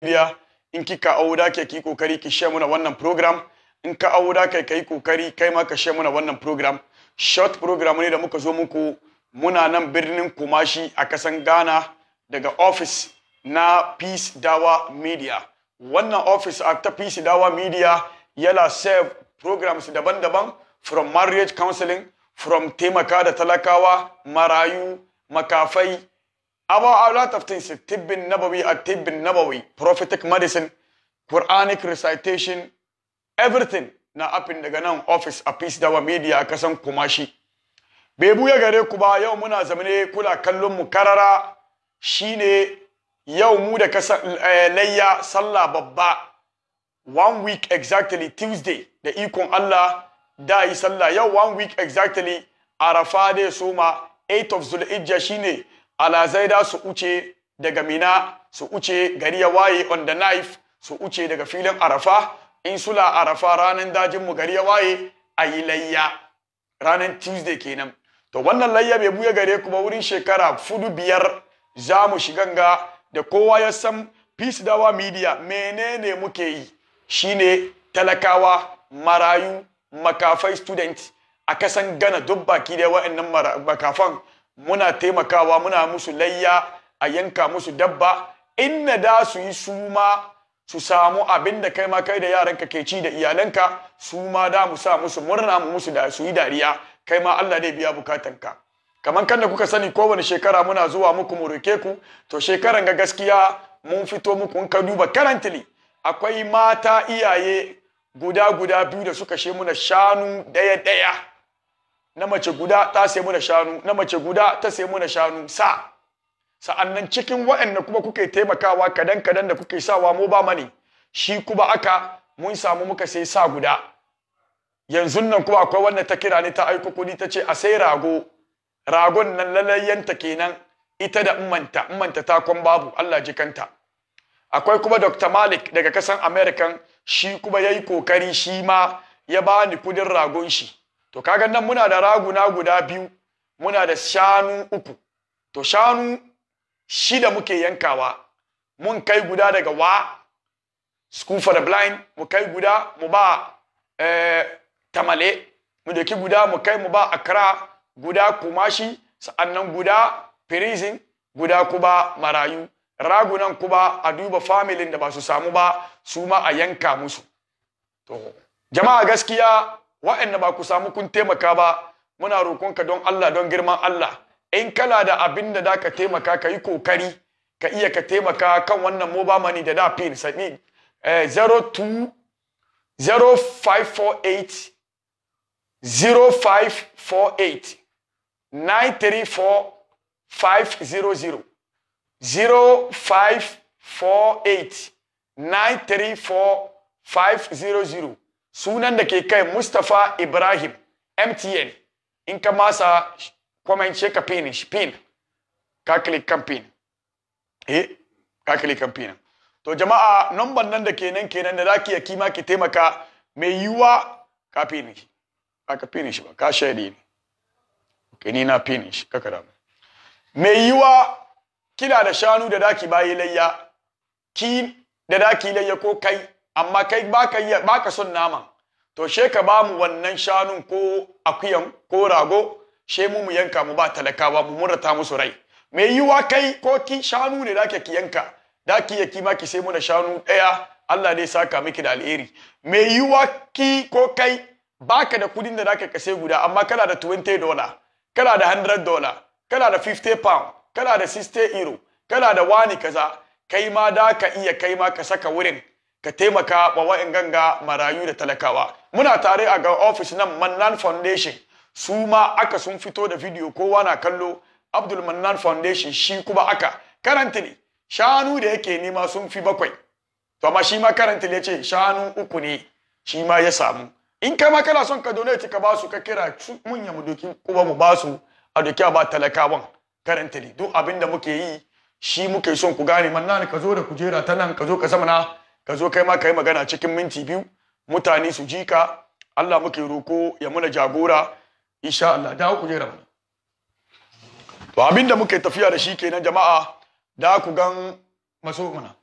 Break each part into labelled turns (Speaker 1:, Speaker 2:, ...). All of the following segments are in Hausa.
Speaker 1: biya in kika auda ke ki kokari ki share muna wannan program in ka auda kai kai kokari kai ma ka share muna wannan program short program ne da muka zo muku muna nan birnin Kumashi a kasan Ghana daga office na Peace Dawa Media wannan office a ta Peace Dawa Media yana serve programs daban-daban from marriage counseling from taimaka da talakawa marayu makafai about a lot of things tibb nabawi a tibb nabawi prophetic medicine quranic recitation everything na apin daga nan office a peace dawa media a kasan kumashi bai ya gare ku ba yau muna zamane kula kallon mu karara shine yau mu da kasa eh, layya sallah babba one week exactly tuesday da ikon Allah da yi sallah yau one week exactly arafa dai soma 8 of zulhijja shine ala alazaida su uce daga mina su uce gari ya waye on the knife su uce daga filin arafa insula arafa ranar dajin mu gari ya waye a yi layya ranar tuesday kenan to wannan layya bai buya gare ku ba wurin shekara fudu biyar za mu shiga ga da kowa ya san peace dawa media menene muke yi shine talakawa marayu makafai student a kasan gana duk baki da wa'annan makafan muna taimakawa muna musu layya a yanka musu dabba inna da su yi su ma su samu abin da kai ma kai da yaranka ke ci da iyalanka su ma da mu sa musu murna mu musu da su yi dariya kai ma Allah zai biya bukatanka kamar kanda kuka sani kowane shekara muna zuwa muku mu roke ku to shekaran ga gaskiya mun fito muku in ka duba currently akwai mata iyaye guda guda biyu da suka she muna shanu daya daya na mace guda ta sai muna shanu na mace guda ta sai muna shanu sa sa'annan cikin waɗanda kuma kuke taimakawa kadan kadan da kuke sawa mu ba mani shi kuma aka mun samu muka sai sa guda yanzu nan kuma akwai wanda ta kira ni ta aiko kuɗi ta ce a sai rago ragon nan lalayyanta kenan ita da ummanta ummanta ta kon babu Allah jikanta akwai kuma Dr. Malik daga kasan American shi kuma yayi kokari shi ma ya bani kudin ragon shi to gan nan muna da raguna guda biyu muna da shanu uku to shanu shida muke yankawa mun kai guda daga wa school for the blind mu kai guda mu ba eh, tamale mu daki guda mu kai mu ba akra guda kumashi sa'annan guda prison guda kuba marayu ragunan kuba a duba familin da ba su samu ba su ma a yanka musu to jama'a gaskiya wa'anda ba ku samu kun taimaka ba muna roƙonka don Allah don girman Allah in kala da abin da ka taimaka ka yi kokari ka iya ka taimaka kan wannan ba mani da da pin sani eh, 02 0548 0548 934 500 0548 934 500 sunan da ke kai Mustapha Ibrahim MTN in ka masa comment she ka pin shi pin ka click kan pin eh ka click kan pin to jama'a number nan da kenan kenan da zaki ya kima ki taimaka mai yiwa ka pin shi ba ka pin shi ba ka share ne okay ni na pin shi ka da mai yiwa kina da shanu da daki bayi layya ki da daki layya ko kai amma kai baka yi baka son naman to she ka ba mu wannan shanun ko akuyan ko rago she mu mu yanka mu ba talakawa mu murata musu rai me yiwa kai ko ki shanu ne dake ki yanka da ki ya ma ki sai muna shanu daya Allah ne saka miki da alheri me yiwa ki ko kai baka da kudin da zaka kase guda amma kana da 20 dollar kana da 100 dollar kana da 50 pound kana da 60 euro kana da wani kaza kai ma da ka iya kai ma ka saka wurin ka taimaka wa wa'in ganga marayu da talakawa muna tare a ga ofis nan Mannan Foundation su ma aka sun fito da video kowa na kallo Abdul Mannan Foundation shi kuma aka ne shanu da yake nema sun fi bakwai to amma shi ma currently ya ce shanu uku ne shi ma ya samu in kai ma kana son ka donate ka basu ka kira mun ya mu kuma mu basu a doki ba talakawan ne duk abin da muke yi shi muke son ku gane Mannan ka zo da kujera ta nan ka zo ka zama na ka zo kai ma ka yi magana cikin minti biyu mutane su ji ka Allah muke roko ya muna jagora insha Allah da ku jira mana to abinda muke tafiya da shi kenan jama'a da ku gan maso mana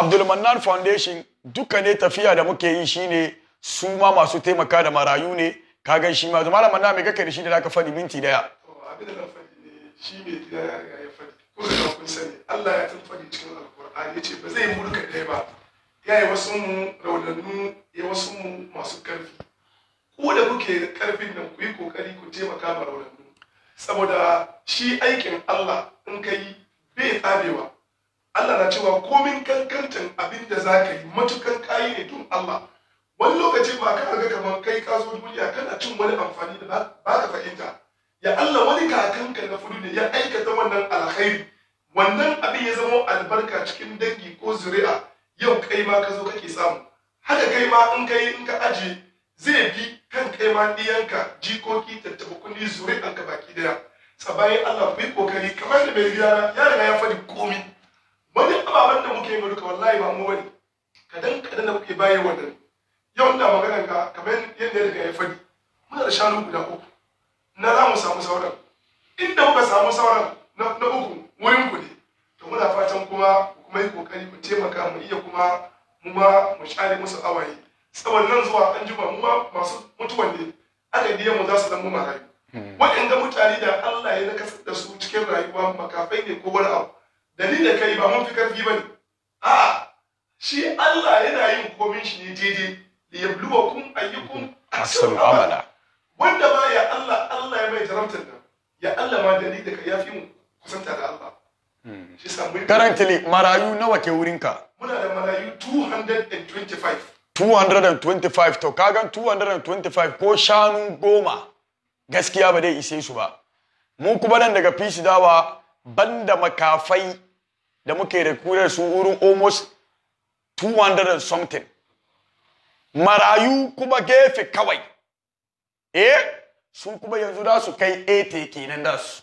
Speaker 1: Abdul Mannan Foundation duka ne tafiya da muke yi shine su ma masu taimaka da marayu ne ka gan shi ma zama malamin na me kake da shi da zaka fadi minti daya
Speaker 2: abin da na fadi ne shi ne ya fadi ko da kun sani Allah ya tun fadi cikin alkur'ani ce ba zai mulka dai ba ya yi wasu mu raunannu ya wasu mu masu karfi ko da kuke da karfin nan ku yi kokari ku taimaka ma raunannu saboda shi aikin Allah in ka bai tsabewa Allah na cewa komin kankantan abin da za ka yi matukan kayi ne tun Allah wani lokacin ba ka ga kamar kai ka zo duniya kana cin wani amfani da ba ka fahimta ya Allah wani kakanka na fudu ne ya aikata wannan alkhairi wannan abin ya zama albarka cikin dangi ko zuri'a yau kai ma ka zo kake samu haka kai ma in kai in ka aje zai bi kan kai ma ɗiyanka jikoki tattaba kundi an ka baki daya tsabayi Allah bi kokari kamar da mai biyana ya riga ya faɗi komi wani ababen da muke yi duka wallahi ba mu wani kadan kadan da muke bayar wannan yau da magana ka kamar yadda ya riga ya faɗi muna da shanu guda uku na za mu samu sauran inda muka samu sauran na uku wurin ku ne to muna fatan kuma kuma yi kokari mu taimaka mu iya kuma mu ma mu share musu awaye tsawon nan zuwa an juma mu ma masu mutuwan ne aka biya mu za su zama marayu hmm. waɗanda mutane da Allah ya naka da su cikin rayuwa makafai ne ko wani abu dalilin kai ba mun fi karfi bane a'a shi Allah yana yin komin shi ne daidai da ya bluwa kun ayyukun
Speaker 1: amala
Speaker 2: wanda ba ya Allah Allah ya mai jaramtar nan ya Allah ma dalilin da ya yafi mu kusanta da Allah
Speaker 1: Currently, hmm. marayu nawa ke wurinka?
Speaker 2: Muna da marayu 225.
Speaker 1: 225 to kagan 225 ko shanu goma gaskiya ba dai ise su ba. Mu kuma nan daga fisi dawa banda makafai da muke da kurar su wurin almost 200 and something. Marayu kuma gefe kawai. Eh, su kuma yanzu da su kai 80 kenan da su.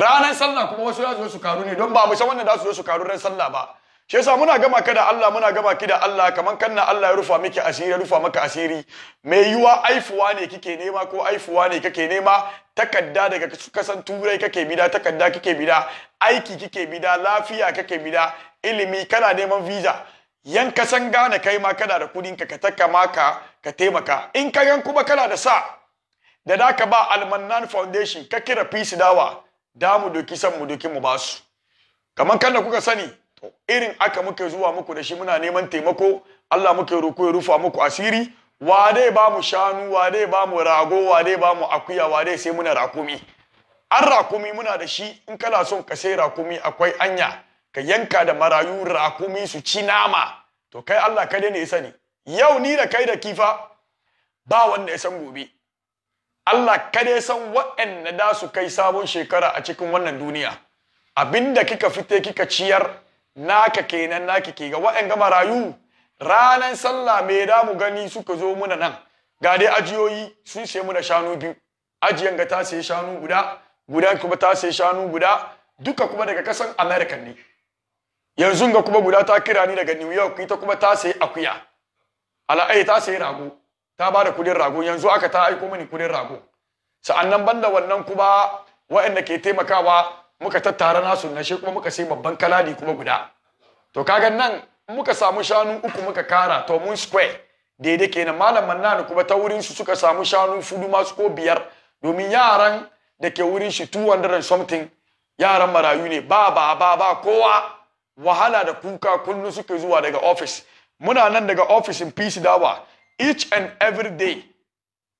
Speaker 1: ranar sallah kuma wasu za su zo su karu ne don ba mu san wanda za su zo su karu ran sallah ba shi yasa muna gama ka da Allah muna gama ki da Allah kaman kanna Allah ya rufa miki asiri ya rufa maka asiri Me yiwa aifuwa ne kike nema ko aifuwa ne kake nema takadda daga kasan turai kake bida takadda kake bida aiki kike bida lafiya kake bida ilimi kana neman visa yan kasan gane kai ma kana da kudin ka ka taka maka ka taimaka in ka yan kuma kana da sa da da ka ba almannan foundation ka kira peace dawa da mu doki san mu doki mu ba su kamar kanda kuka sani to irin aka muke zuwa muku da shi muna neman taimako Allah muke roko ya rufa muku asiri wa dai ba mu shanu wa dai ba mu rago wa dai ba mu akuya wa dai sai muna rakumi an rakumi muna da shi in kana son ka sai rakumi akwai anya ka yanka da marayu rakumi su ci nama to kai Allah ka dai ne sani yau ni da kai da kifa ba wanda ya san gobe Allah kada san waɗanda da su kai sabon shekara a cikin wannan duniya abinda kika fite kika ciyar naka kenan naki ke ga waɗanda marayu ranan sallah me da mu gani suka zo muna nan ga dai ajiyoyi sun sai muna shanu biyu ajiyan ga ta sai shanu guda guda kuma ta sai shanu guda duka kuma daga kasan America ne yanzu ga kuma guda ta kira ni daga New York ita kuma ta sai akuya ala'ai eh, ta sai rago ta ba da kudin rago yanzu aka ta aiko mini kudin rago sa'annan banda wannan kuma waɗanda ke taimakawa muka tattara nasu na shi kuma muka sai babban kaladi kuma guda to kaga nan muka samu shanu uku muka kara to mun square daidai kenan malam mannan kuma ta wurin su suka samu shanu fudu masu ko biyar domin yaran da ke wurin shi 200 something yaran marayu ne ba ba ba ba kowa wahala da kuka kullum suke zuwa daga office muna nan daga office in peace dawa each and every day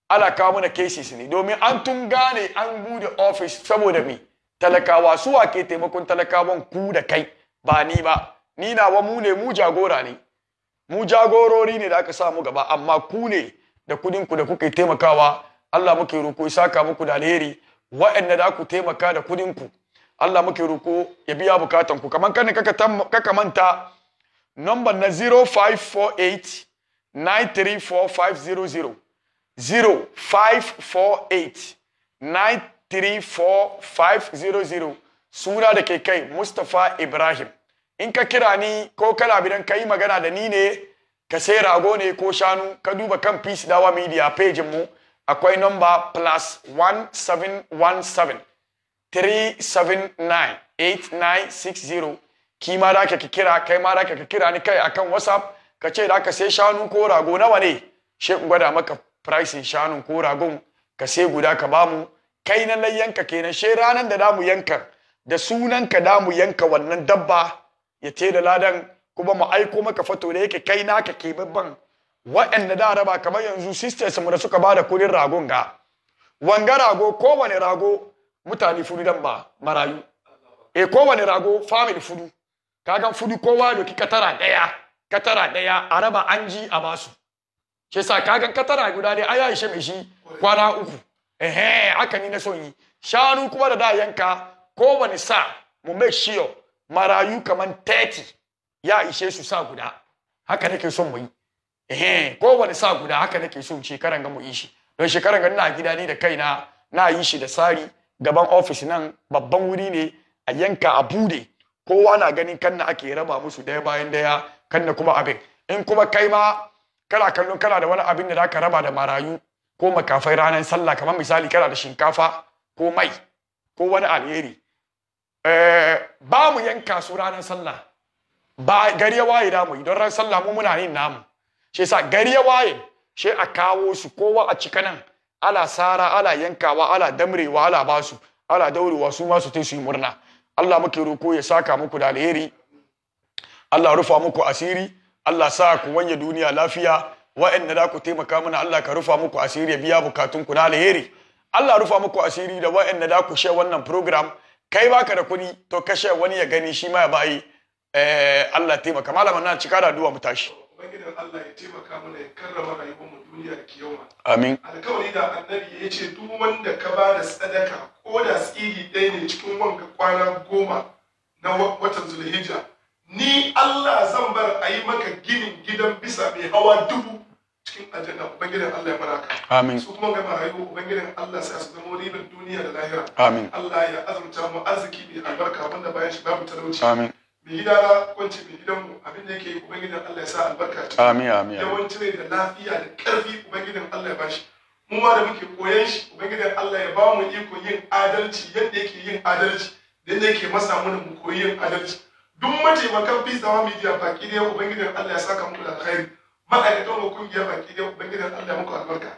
Speaker 1: ala kawo mana cases ne domin an tun gane an bude office saboda mi talakawa su ke taimakon talakawan ku da kai ba ni ba ni na wa mu ne mu jagora ne mu jagorori ne da aka samu gaba amma ku ne da kudin ku da kuke taimakawa Allah muke roko saka muku da alheri wa'anda da ku taimaka da kudin ku Allah muke roko ya biya bukatan ku kaman kan ka kaka manta number na 0548 934500 suna da ke kai Mustapha Ibrahim in ka kira ni ko kana bidan ka yi magana da ni ne ka sai rago ne ko shanu ka duba kan Peace Dawa Media page mu akwai number plus 1717 379 8960 kima da ka kira kai ma da ka kira ni kai akan WhatsApp ka ce da aka sai shanu ko rago nawa ne shi gwada maka pricing shanun ko ragon ka sai guda ka bamu kai na layyanka kenan shi ranan da damu yanka da sunan ka damu yanka wannan dabba ya te da ladan kuma mu aiko maka fato da yake kai naka ke babban waɗanda da raba kamar yanzu sisters mu da suka da kudin ragon ga wanga rago kowane rago mutane fudu dan ba marayu e kowane rago family fudu kagan fudu kowa da kika tara daya katara ɗaya a raba an ji a basu shi sa kaga katara guda ne a aisha mai shi kwana uku ehe aka ni na son yi shanu kuma da da yanka wani sa mu make sure marayu kaman 30 ya ishe su sa guda haka nake son mu yi ehe wani sa guda haka nake son shekaran ga mu yi shi don shekaran ga ina gida ni da kaina na yi shi da sari gaban ofis nan babban wuri ne a yanka a bude kowa na ganin kanna ake raba musu daya bayan daya kan da kuma abin in kuma kai ma kana kallon kana da wani abin da zaka raba da marayu ko makafai ranar sallah kamar misali kana da shinkafa ko mai ko wani alheri eh, ba mu yanka su ranar sallah ba gari ya waye namu don ran sallah mu muna yin namu shi yasa gari ya waye shi a kawo su kowa a cika nan ala sara ala yankawa ala damrewa ala basu ala daurewa su ma su tai su yi murna Allah muke roko ya saka muku da alheri Allah rufa muku asiri Allah sa ku wanye duniya lafiya wa'anda da ku taimaka mana Allah ka rufa muku asiri ya biya bukatun ku na alheri Allah rufa muku asiri da wa'anda da ku share wannan program kai baka da kuɗi to ka share wani ya gani shi ma ya bayi eh Allah taimaka malaman na cika da addu'a mu tashi ubangijin Allah ya taimaka mana ya
Speaker 2: karrama rayuwar mu duniya da kiyama amin alkawari da annabi ya ce duk wanda ka ba da sadaka ko da tsiri ɗaya ne cikin wanka kwana goma na watan zulhijja ni Allah zan bar a yi maka ginin gidan bisa mai hawa dubu cikin aljanna ubangidan Allah ya baraka amin su kuma ga marayu ubangidan Allah sai su zama ribin duniya da lahira amin Allah ya azurta mu arziki mai albarka wanda bayan shi babu talauci amin mai gida na kwanci mai gidan mu abin da yake yi ubangidan Allah ya sa albarka ta amin amin yawanci ne da lafiya da karfi ubangidan Allah ya bashi mu ma da muke koyan shi ubangidan Allah ya ba mu iko yin adalci yadda yake yin adalci yadda yake masa mana mu koyi yin adalci duk mataimakan peace dawa media baki ɗaya ubangijin Allah ya saka muku da alkhairi ma'aikatan mu kungiya baki ɗaya ubangijin Allah muku albarka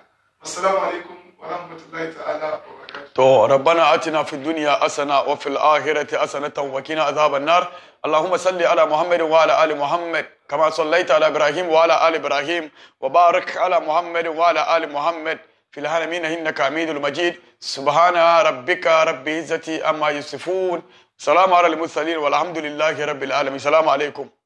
Speaker 2: assalamu alaikum wa rahmatullahi ta'ala wa
Speaker 1: barakatuh to rabbana atina fid dunya hasana wa fil akhirati hasanatan wa qina azaban nar اللهم صل على محمد وعلى ال محمد كما صليت على ابراهيم وعلى ال ابراهيم وبارك على محمد وعلى ال محمد في العالمين انك حميد المجيد سبحان ربك رب العزه عما يصفون سلام على المرسلين والحمد لله رب العالمين السلام عليكم